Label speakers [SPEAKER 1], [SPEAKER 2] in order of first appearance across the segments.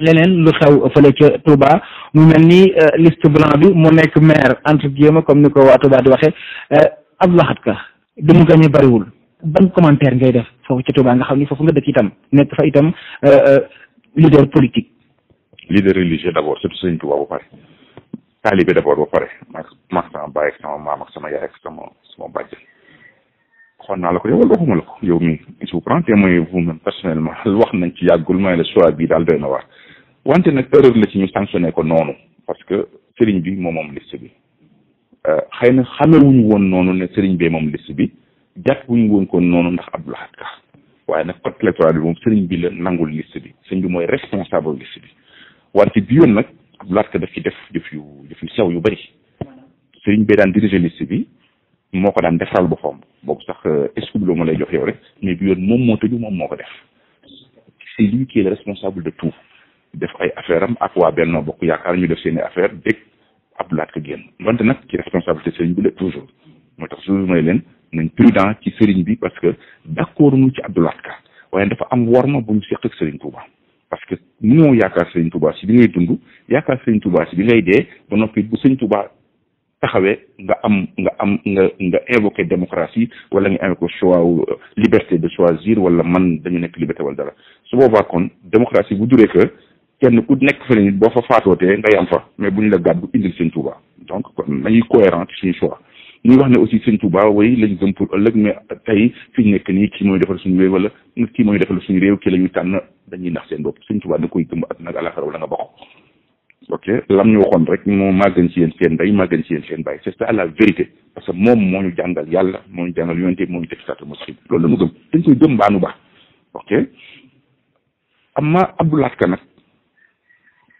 [SPEAKER 1] leneen lu xew fële ca Touba mu mel ni euh, liste blanc bi mu nekk maire entre guillemets comme ni ko waa Touba di waxe euh, ab laxat ka du mu gañe bariwul ban commentaire ngay def foofu ca Touba nga xam ni foofu nga dëkk itam nekk fa itam euh, leader politique. leader religieux d'abord surtout Sëriñ Touba ba pare. taalibe d'abord ba pare ma ma sama baay ak sama maam ak sama sama sama bàjj. xoon naa la ko yow wala la ko yow mii je vous prends témoin vous-même personnellement wax nañ ci yàggul may la choix bii daal doy na wante nag erreur la ci ñu sanctionné ko noonu parce que sëriñ bi moom moom liste bi euh, xëy na xamewuñu woon noonu ne sëriñ bee moom liste bi jàppuñu woon ko noonu ndax Abdou Lahad Ka waaye nag code électoral bi moom sëriñ bi la nangul liste bi sëriñ bi mooy responsable liste bi wante bi yoon nag Abdou Lahad Ka daf ci def jëf yu jëf yu sew yu bëri sëriñ bee daan diriger liste bi moo ko daan defaral boppam boobu sax scoop la ma lay jox yow rek mais bi yoon moom moom moo ko def c'est lui qui est le responsable def ay affaire am ak waa Benno Bokk Yaakaar ñu def seen i affaire dégg ab laaj ko génn wante nag ci responsabilité sëriñ bi la toujours moo tax toujours leen nañ prudent ci bi parce que d'accord mu ci Abdou Lahad waaye dafa am worma bu ñu seq ak sëriñ Touba parce que mënoo yaakaar sëriñ Touba si bi ngay dund yaakaar sëriñ Touba si bi ngay dee ba noppi bu sëriñ Touba nga am nga am nga nga invoqué démocratie wala nga invoqué choix euh, liberté de choisir wala man dañu nekk liberté wala dara su boobaa kon démocratie bu duree que kenn ku nekk fële nit boo fa faatootee nga yam fa mais bu ñu la gàddu indil sëñ Touba donc kon nañuy cohérent ci suñu choix ñu wax ne aussi sëñ Touba way lañ gëm pour ëllëg mais tey fi ñu nekk nii kii moo defal suñu réew wala kii mooy defal suñu réew kii la ñu tànn dañuy nax seen bopp sëñ Touba da koy gëm at nag àlaxara wala nga bokk ok lam ñu waxoon rek moo maa gën ci yéen seen ndey maa si ci yéen seen bàyyi c'est ça la vérité parce que moom moo ñu jàngal yàlla moo ñu jàngal moo ñu teg sat loolu la ñu gëm dañ koy gëm mbaanu baax am na Abdou Lahad Ka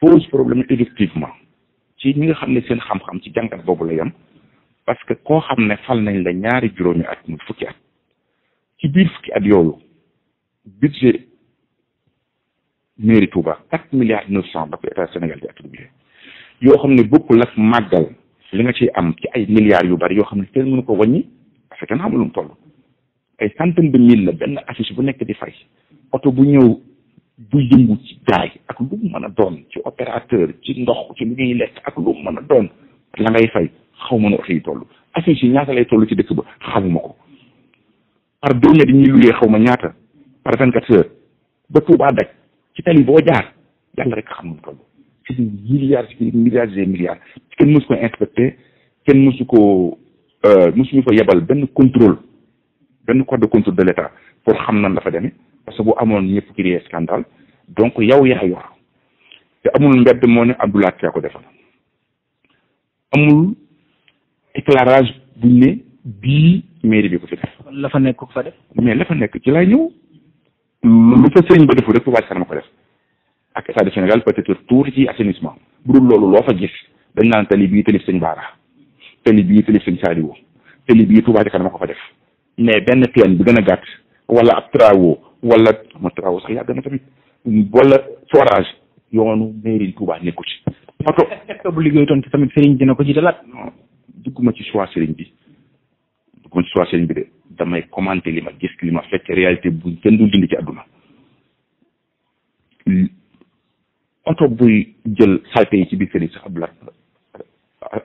[SPEAKER 1] pose problème effectivement ci ñi nga xam ne seen xam-xam ci jàngat boobu la yem parce que koo xam ne fal nañ la ñaari juróomi at mu fukki at ci biir fukki at yooyu budget mairie Touba quatre milliards neuf cent ba ko Sénégal di attribué yoo xam ne bokkul ak màggal li nga ci am ci ay milliards yu bari yoo xam ne kenn mënu ko wàññi parce que kenn xamul lu mu toll ay centaine de mille la benn affice bu nekk di fay oto bu ñëw bu yëngu ci jaay ak lu mu a doon ci opérateur ci ndox ci lu ñuy lekk ak lu mu a doon la ngay fay xaw ma nu oto yi toll affiche yi ñaata lay toll ci dëkk ba xamuma ko par journée dañuy luyee xaw ma ñaata par vingt quatre heures ba Touba daj ci tali boo jaar yàlla rek xam nu toll ci di milliards ci milliards et milliards kenn mësu ko inspecté kenn mësu ko euh, mësuñu yebal benn contrôle benn corps de contrôle de l' pour xam nan la fa demee parce que bu amoon ñëpp créer scandale donc yow yaa yor te amul mbedd moo ne Abdoulaye Ka ko defal amul éclairage buñ ne bii mairie bi ko fi def. la fa nekk ko fa def. mais la fa nekk ci laay ñëw. lu fa sëriñ ba deful rek Touba ko def ak peut-être tuuti ci assainissement. bu dul loo fa gis dañ naan tali bii talib sëñ Baara tali bii talib sëñ Sadio tali bii Touba Ca Kanam ko def gën a gàtt wala ab travaux. wala ma travaux sax yàgg na tamit wala forage yoonu mairie Touba nekku ci. oto oto ci tamit sëriñ dina ko jiitalaat. non dugguma ci choix sëriñ bi dugguma ci choix sëriñ bi de damay commenter li ma gis li ma fekk réalité bu kenn du dindi ci àdduna. oto buy jël salte yi ci biir sëriñ sax Abdoulaye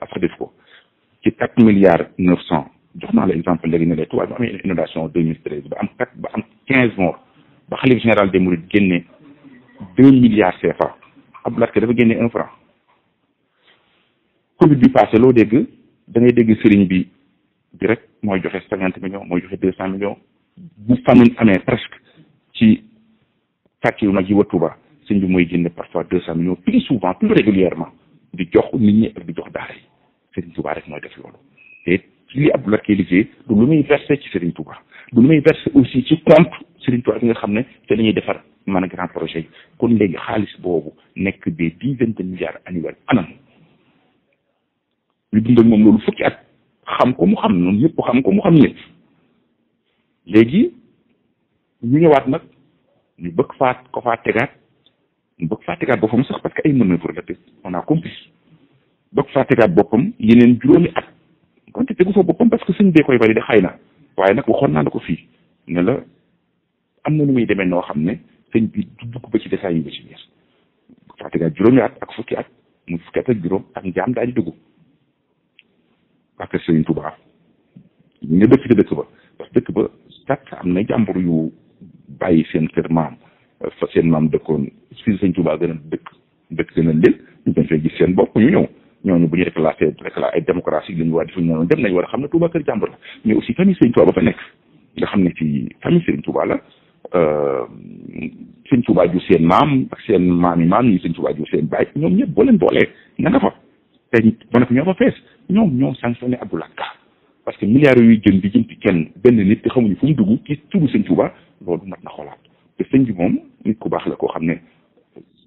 [SPEAKER 1] sax def ko ci quatre milliards neuf cent jox naa la exemple léegi ne la Touba bi amee inondation deux mille treize ba am quatre ba am quinze morts ba xalif général des mourides génne deux milliards CFA Abdou ab Ka dafa génne un franc covid bi passé loo dégg da ngay dégg sëriñ bi bi rek mooy joxe cinquante millions mooy joxe deux cent millions bu famine amee presque ci sàcc yu mag yi wa Touba sëñ bi mooy génne parfois deux cent millions plus souvent plus régulièrement di jox nit ñi ak di jox daara yi sëriñ Touba rek mooy def loolu te li Abdou Lahad Ka liggéey du lu muy versé ci sëriñ Touba du lu muy versé aussi ci compte Serigne Touba bi nga xam ne te la ñuy defar maanaam grand projet yi kon léegi xaalis boobu nekk des dizaines de milliards annuels anam ñu dund ak moom loolu fukki at xam ko mu xam noonu ñëpp xam ko mu xam ñëpp léegi ñu ñëwaat nag ñu bëgg faat ko faa tegaat ñu bëgg faa tegaat boppam sax parce que ay mën na pour la on a compris bëgg faa tegaat boppam yeneen juróomi at kon tegu fa boppam parce que sëñ bee koy validé xëy na waaye nag waxoon naa la ko fii am na nu muy demee noo xam ne sëñ bi du dugg ba ci détail yi ba ci biir fàttali juróomi at ak fukki at mu fukki at ak juróom ak njaam daal di dugg parce que sëñ Touba ñu nga dëkk ca dëkk ba parce que dëkk ba tàkk am na jàmbur yu bàyyi seen kër maam fa seen maam dëkkoon fii sëñ Touba gën a dëkk dëkk gën a lël ñu dañ fay gis seen bopp ñu ñëw ñooñu bu ñu réclaté réclame ay démocratie li ñu war defuñu noonu dem nañ war a xam ne Touba kër jàmbur la mais aussi famille sëñ Touba ba fa nekk nga xam ne ci famille sëñ Touba la Euh, sëñ Tuubaa ju seen maam ak seen maami maam ñi sëñ Tuubaa ju seen baay ñoom ñëpp boo leen boolee ña nga fa te ba nag ñoo fa fees ñoom ñoo sanctionné Abdoulaye Ka parce que milliards yuy jën di jëm ci kenn benn nit te xamuñu fu mu dugg ci turu sëñ Tuubaa loolu mat na xoolaat te sëñ bi moom nit ku baax la koo xam ne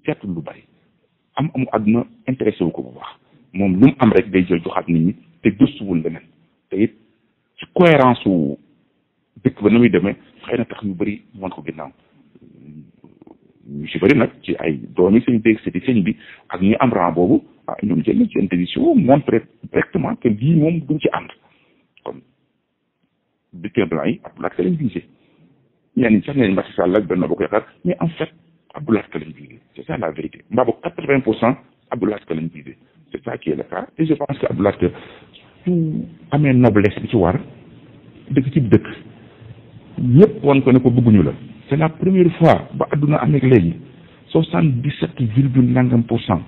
[SPEAKER 1] seetul lu bari am amu àdduna intéressé wu ko bu baax moom lu mu am rek day jël joxaat nit ñi te gëstuwul leneen te it ci dëkk ba na muy demee xëy na tax ñu bëri mën ko ginnaaw ñu si bëri nag ci ay doomi sëñ beeg sëti bi ak ñu am rang boobu ah ñoom jël nañ ci interdiction montré directement que lii moom du ci ànd kon bulletins blancs yi Abdou Lahad Ka lañ visé ñenn ñi sax ne Macky Sall ak Benno Bokk Yaakaar mais en fait Abdou Lahad Ka lañ visé c'est ça la vérité mbaa boog quatre pour cent Abdou Lahad Ka lañ visé c'est ça qui est le cas et je pense que Abdou Ka su amee noblesse bi ñëpp wan ko ne ko bëgguñu la c'est la première fois ba àdduna am ak léegi soixante dix sept virgule nangam pour cent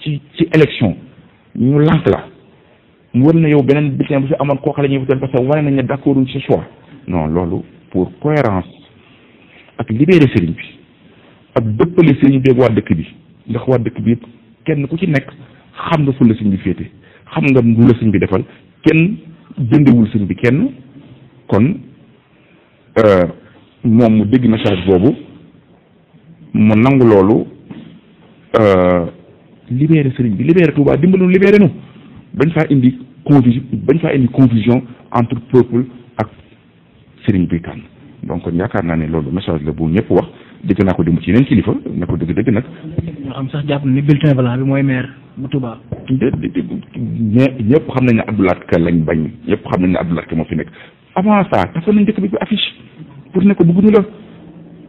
[SPEAKER 1] ci ci élection ñu lànk la mu war na yow beneen bulletin bu fi amoon koo xam ne ñuy parce que wane nañ ne d'accord ci choix non pour cohérence ak libéré sëriñ bi ak dëppale sëriñ bi ak waa dëkk bi ndax waa dëkk bi yëpp kenn ku ci nekk xam nga fu la sëriñ bi féete xam nga lu la sëriñ bi defal kenn jëndewul sëriñ bi kenn kon Euh, moom mu dégg message boobu mu nangu loolu euh, libéré sëriñ bi libéré Touba dimbalu libéré nu bañ faa indi confusion bañ faa indi confusion entre peuple ak sëriñ bi tànn donc yaakaar naa ne loolu message la bu ñëpp wax dégg naa ko dem ci yeneen kilifa na ko dëgg dëgg nag. ñoo xam sax jàpp ni bulletin blanc bi mooy maire bu Touba. déedéet xam nañ ne Abdou Lahad Ka lañ bañ ñëpp xam nañ ne moo fi nekk avant ça tafoon nañ dëkk bi affiche. pour ne ko bëgguñu la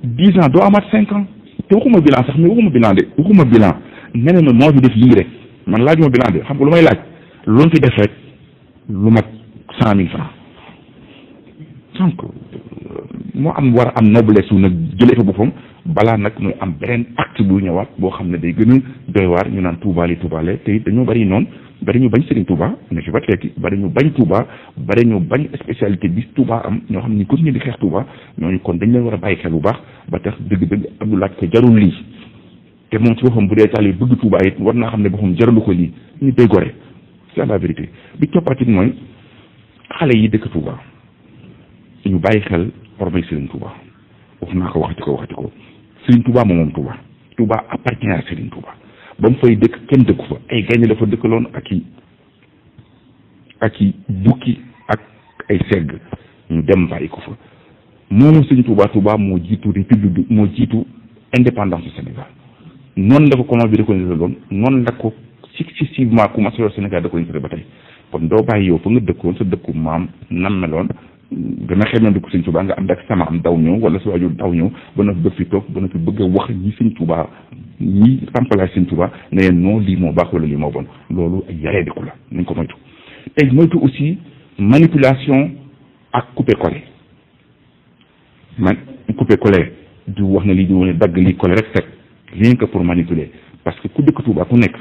[SPEAKER 1] dix ans doo amaat cinq ans te waxuma bilan sax mais waxuma bilan de waxuma bilan nga ne ma moo fi def lii rek man laajuma bilan de xam nga lu may laaj loolu fi def rek lu mat cent mille francs donc euh, moo am war a am noblesse wu nag jëlee fa boppam balaa nag muy am beneen acte bu ñëwaat boo xam ne day gën a waar ñu naan tuubaale tuubaale te it dañoo bari noonu bari ñu bañ Serigne Touba ne ba léegi bari ñu bañ Touba bari ñu bañ spécialité bi Touba am ñoo xam ni continuer di xeex Touba ñooñu kon dañ leen war a bàyyi xel bu baax ba tax dëgg-dëgg Abdou Lahad ko te moom ci boppam bu dee taal yi bëgg Touba it war naa xam ne boppam jaralu ko lii ñu day gore c'est la vérité bi toppaatit mooy xale yi dëkk Touba ñu bàyyi xel ormay Serigne Touba wax naa ko waxati ko waxati ko Serigne Touba moom moom Touba Touba appartient à Serigne Touba. ba mu fay dëkk kenn dëkku fa ay gaynde la fa dëkkaloon ak i ak i bukki ak ay segg ñu dem bàyyi ko fa moom sëñ Touba Touba moo jiitu république bi moo jiitu indépendance du Sénégal noonu la ko comment bi reconnaître loon noonu la ko successivement commencé yor Sénégal da ko ba tey kon doo bàyyi yow fa nga dëkkoon sa dëkku maam nam meloon dana xel na dugg sëñ Tuubaa nga am ak sama am daw ñëw wala sa waajur daw ñëw ba na fi bëgg toog ba na fi bëgg a wax ñi sëñ Tuubaa ñi remplacé sëñ Tuubaa ne leen non lii moo baax wala lii moo bon loolu ay yaree diku la nañ ko moytu tey moytu aussi manipulation ak couper coller man couper coller du wax ne lii di wane dagg lii coller rek fekk rien que pour manipuler parce que ku dëkk Tuubaa ku nekk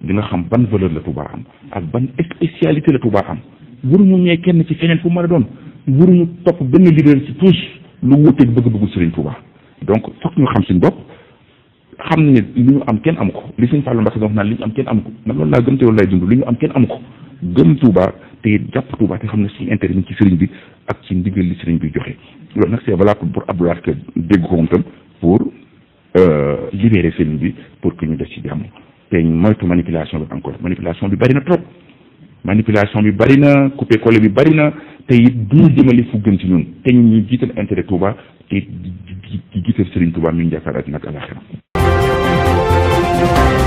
[SPEAKER 1] di xam ban valeur la Tuubaa am ak ban spécialité la Tuubaa am waruñu ñee kenn ci feneen fu mën doon waruñu topp benn leader ci tous lu wuteeg bëgg-bëggu Serigne Touba donc fokk ñu xam suñu bopp xam ne li ñu am kenn am ko li Serigne Fallou Mbacké doon naan li ñu am kenn am ko man loolu laa gëm te loolu laay dund li ñu am kenn am ko gëm Touba te jàpp Touba te xam na ne suñu intérêt ci Serigne bi ak ci ndigal li Serigne bi joxe loolu nag c'est valable pour Abdoulaye Ka dégg ko moom tam pour euh, libérer Serigne bi pour que ñu def ci jàmm te moytu manipulation bi encore manipulation bi bari na trop manipulation bi bari bi bari na. te it duñu jëmale fu gën ci ñun te ñun ñu jiital intérêt Touba te di jiital Serigne Touba mi ñu jàkkaar ak nag àlaxira